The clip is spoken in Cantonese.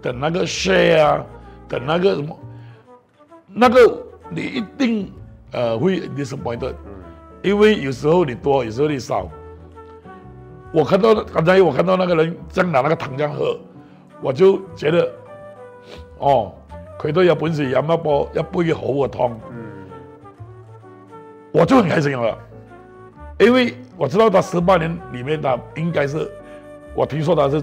等那個血啊，等那個什麼，那個你一定，呃會 disappointed，因為有時候你多，有時候你少。我看到，剛才我看到那個人正拿那個糖漿喝，我就覺得，哦，佢都有本事飲一煲一杯好嘅湯。嗯。我就很開心啦，因為我知道他十八年裏面，他應該是，我聽說他是。